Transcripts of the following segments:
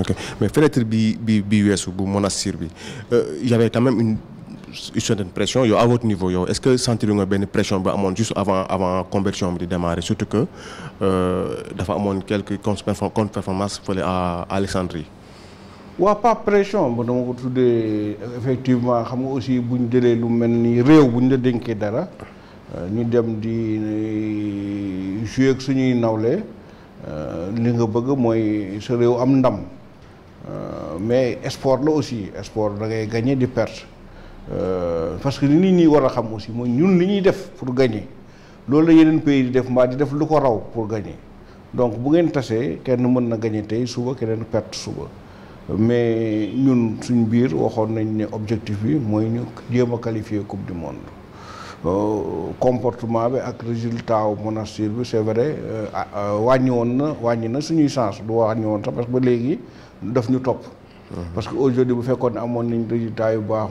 ok mais fenêtre bi bi bi weesu bu Monastir bi euh, y avait quand même une une certaine pression yow à votre niveau yo. est-ce que sentir une bonne pression bi juste avant avant conversion de démarrer surtout que euh, dafa amoon quelques contre-performances à Alexandrie. waa pas pression ba dama ko effectivement xam nga aussi bu ñu jëlee lu mel ni réew bu ñu la dénkee dara euh, ñu dem di jouer ak suñuy nawle li nga bëgg mooy am ndam. Eh, mais export la aussi export da ngay gagner di perte euh parce que ni ni wara xam aussi moy ñun li ñuy def pour gagner loolu la yeneen pays di def mbaa di def lu ko raw pour gagner donc bu ngeen tase kenn mën na gagner tey suba keneen perte suba mais ñun suñ biir waxoon nañ ne objectif bi mooy ñu jéem qualifier coupe du monde Euh, comportement bi ak résultat wu monastir bi c'est vrai euh, euh, wàññi woon na wàññi na suñuy chance du wàññi woon sax parce que ba léegi daf ñu topp. Mhm. parce que aujourd'hui bu fekkoon amoon nañ résultat yu baax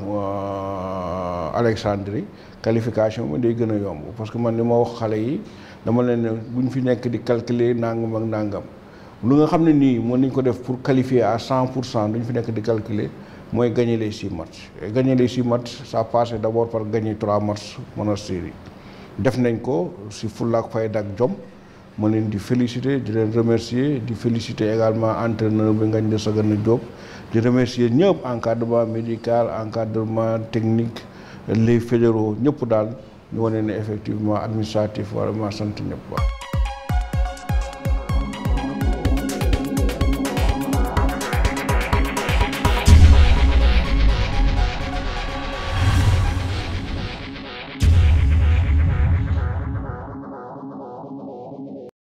Alexandrie qualification bi day gën a yomb parce que man li ma wax xale yi dama leen ne bu ñu fi nekk di calculer nangam ak nangam lu nga xam ne nii mën nañ ko def pour qualifier à cent pour cent duñ fi nekk di calculer. mooy gagner les six matchs et gagner les six matchs ça passe d'abord par gagner trois matchs Monastir yi def nañ ko si fullaak fayda ak jom ma leen di féliciter di leen remercier di féliciter également entraîneur bi ngañ sa Ngagne Desagana Diop di remercier ñëpp encadrement médical encadrement technique les fédéraux ñëpp daal ñu wane ne effectivement administratif vraiment sant ñëpp waaw